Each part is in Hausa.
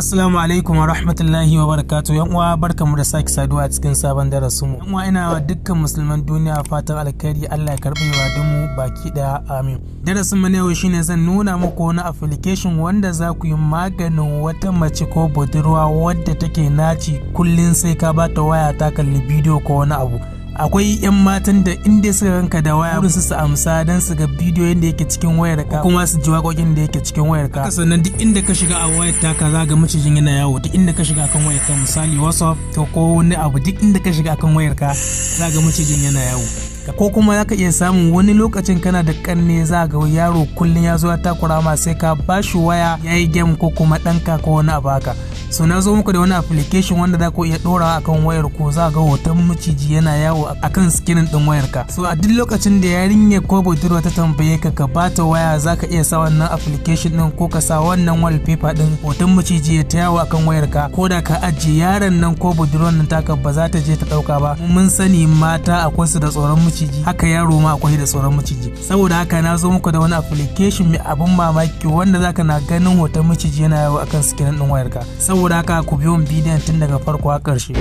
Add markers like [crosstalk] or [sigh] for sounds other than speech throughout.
Assalamu alaikum wa rahmatullahi wa barakatu yan uwa barkamu da sake saduwa a cikin sabon darasin mu. Yan uwa ina wa dukkan musulman duniya fatan alkhairi Allah ya karbi wa mu baki daya amin. Darasin mu na yau shine zan nuna muku wani application wanda za ku yi maganin wata mace ko budurwa wadda take naci kullun sai ka bata waya ta kalli bidiyo ko wani abu. akwai 'yan matan da in dai suka ganka da waya wurin su amsa don su ga bidiyo yanda yake cikin wayar ka kuma su ji waƙoƙin da yake cikin wayar ka sannan duk inda ka shiga a wayar taka za ga macijin yana yawo duk inda ka shiga kan wayar ka misali whatsapp ko wani abu duk inda ka shiga kan wayar ka za ga macijin yana yawo ko kuma zaka iya samun wani lokacin kana da kanne za ga yaro kullun ya zo ya takura sai ka bashi waya ya yi game ko kuma ɗanka ko wani abu haka so na zo muku da wani application wanda za ku iya ɗorawa akan wayar ko za ga hoton maciji yana yawo akan skinin ɗin wayar ka so a duk lokacin da yarinya ko budurwa ta tambaye ka ka bata waya za ka iya sa wannan application ɗin ko ka sa wannan wallpaper ɗin hoton maciji ya ta yawo akan wayar ka ko da ka ajiye yaron nan ko budurwan nan taka ba za ta je ta ɗauka ba mun sani mata akwai su da tsoron maciji haka yaro ma akwai da sauran maciji saboda haka na zo muku da wani application mai abun mamaki wanda zaka na ganin hoton maciji yana yawo akan sikirin din wayarka saboda haka ku biyo bidiyon tun daga farko har karshe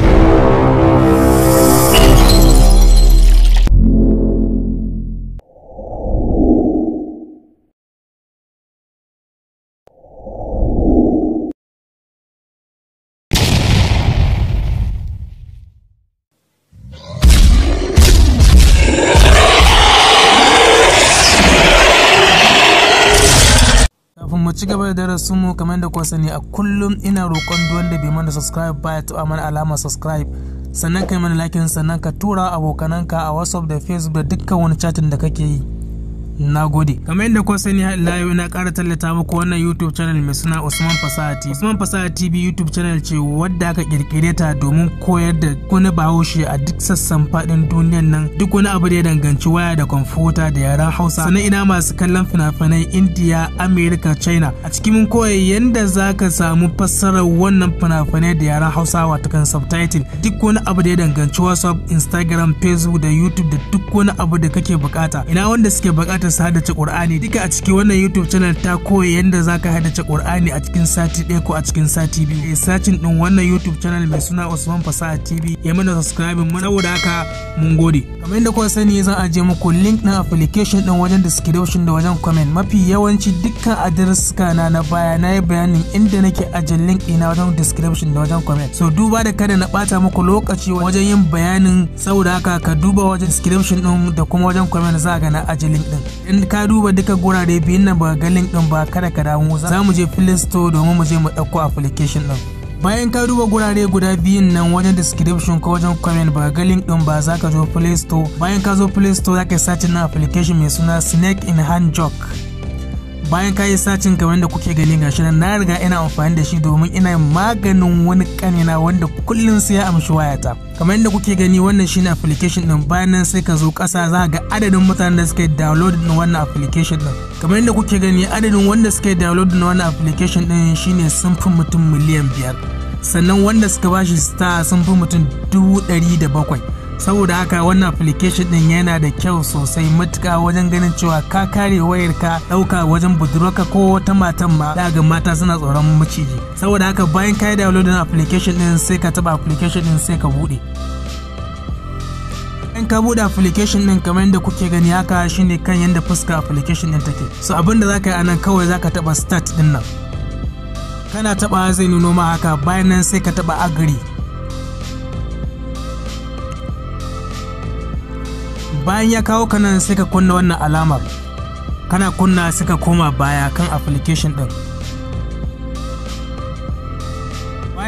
mu ci gaba da darasin mu kamar da kuwa sani a kullum ina roƙon duk wanda bai mana subscribe ba ya taɓa mana alamar subscribe sannan kai mana lakin sannan ka tura abokananka a whatsapp da facebook da dukkan wani chatin da kake yi na gode kamar yadda kun sani layo na ƙara tallata muku wannan youtube channel mai suna usman fasaha tv usman fasaha tv youtube channel ce wadda aka kirkire ta domin koyar da wani bahaushe a duk sassan faɗin duniyan nan duk wani abu da ya danganci waya da kwamfuta da yaren hausa sannan ina masu kallon fina finai india america china a cikin mun koya yadda za ka samu fassarar wannan fina-finai da yaren hausa kan subtitle duk wani abu da ya danganci whatsapp instagram facebook da youtube da duk wani abu da kake bukata ina wanda suke bukata da su haddace Qur'ani duka a cikin wannan YouTube channel ta koyi yadda zaka haddace Qur'ani a cikin sati ɗaya ko a cikin sati biyu. E eh, sacin din wannan YouTube channel mai suna Usman Fasaha TV ya mana subscribe mu saboda haka mun gode. Kamar yadda kuka sani zan ajiye muku link na application din wajen description da wajen comment mafi yawanci dukkan address na na baya na yi bayanin inda nake aje link ɗina wajen description da wajen comment. So duba da kada na ɓata muku lokaci wajen yin bayanin saboda haka ka duba wajen description din da kuma wajen comment za ga na aje link din. in ka duba duka gurare biyun nan ba ga link din ba kada ka damu za mu je play store domin mu je mu ɗauko application din bayan ka duba gurare guda biyun nan wajen description ko wajen comment ba ga link din ba za ka zo play store bayan ka zo play store za ka yi na application mai suna snake in hand joke bayan kayi sacin kamar da kuke gani shi nan na riga ina amfani da shi domin ina maganin wani kanina wanda kullun sai ya amshi wayata kamar yadda kuke gani wannan shi ne application din bayan nan sai ka zo kasa za ga adadin mutanen da suka download din wannan application din kamar yadda kuke gani adadin wanda suka download din wannan application din shine sun fi mutum miliyan biyar sannan wanda suka bashi star sun fi mutum dubu ɗari da bakwai saboda haka wannan application din yana da kyau sosai matuka wajen ganin cewa ka kare wayar ka ɗauka wajen budurwarka ko wata matan ma da ga mata suna tsoron maciji saboda haka bayan ka yi downloading application din sai ka taba application din sai ka buɗe in ka bude application din kamar yadda kuke gani haka shine kan yadda fuska application din take so abinda zaka yi anan kawai zaka taba start din nan kana taba zai nuno ma haka bayan nan sai ka taba agree bayan ya kawo ka nan sai ka kunna wannan alamar kana kunna sai ka koma baya kan application ɗin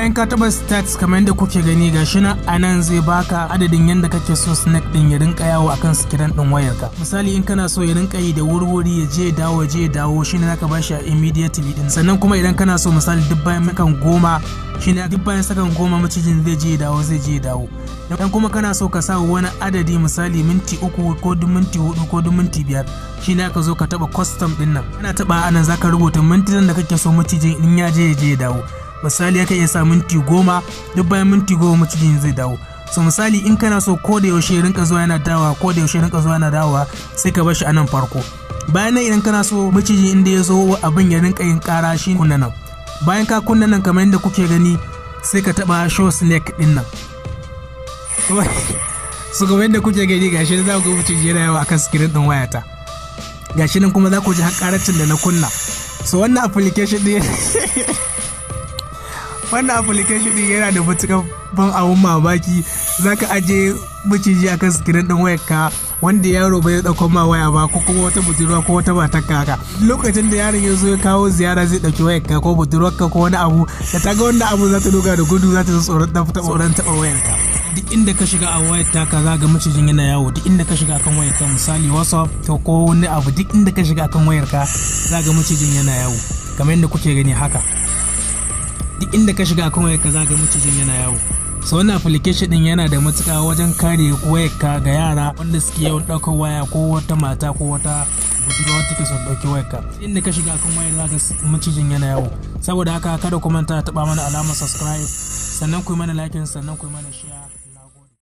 bayan ka taba stats kamar yadda kuke gani gashi nan a nan zai baka adadin yadda kake so snack din ya rinka yawo akan sikiran din wayarka misali in kana so ya rinka yi da wurwuri ya je dawo je dawo shine zaka bashi a immediately din sannan kuma idan kana so misali duk bayan mukan goma shine duk bayan sakan goma macijin zai je dawo zai je dawo dan kuma kana so ka sa wani adadi misali minti uku ko duk minti hudu ko duk minti biyar shine ka zo ka taba custom din nan ana taba anan zaka rubuta mintunan da kake so macijin in ya je ya je dawo misali ya iya sa minti goma duk bayan minti goma macijin zai dawo so misali in kana so ko da yaushe rinka zuwa yana dawa ko da yaushe rinka zuwa yana dawa sai ka bar shi a nan farko bayan nan idan kana so macijin inda ya zo abin ya rinka yin kara shi kunna nan bayan ka kunna nan kamar yadda kuke gani sai ka taba show snake din nan su [laughs] kamar yadda kuke gani gashi nan za ku mutum yana yawa akan screen din wayata gashi nan kuma za ku ji har karacin da na kunna so wannan application din [laughs] wannan application din yana da matuƙar ban abun mamaki za ka aje maciji a kan sikirin ɗin wayar ka wanda yaro bai ɗauko ma waya ba ko kuma wata budurwa ko wata matar kaka lokacin da yaron ya zo ya kawo ziyara zai ɗauki wayar ka ko budurwar ka ko wani abu da ta ga wanda abu za ta duga da gudu za ta zo tsoron ta tsoron taɓa wayar ka duk inda ka shiga a wayar ka za ga macijin yana yawo duk inda ka shiga akan wayar ka misali whatsapp ta ko wani abu duk inda ka shiga akan wayar ka za ga macijin yana yawo kamar yadda kuke gani haka duk inda ka shiga kan wayarka za ga macijin yana yawo so wannan application din yana da matuƙa wajen kare wayarka ga yara wanda suke yawan ɗaukar waya ko wata mata ko wata budurwa wacce ke son ɗauki wayarka inda ka shiga kan wayar za ga macijin yana yawo saboda haka kada ku manta taɓa mana alamar subscribe sannan ku yi mana like sannan ku yi mana share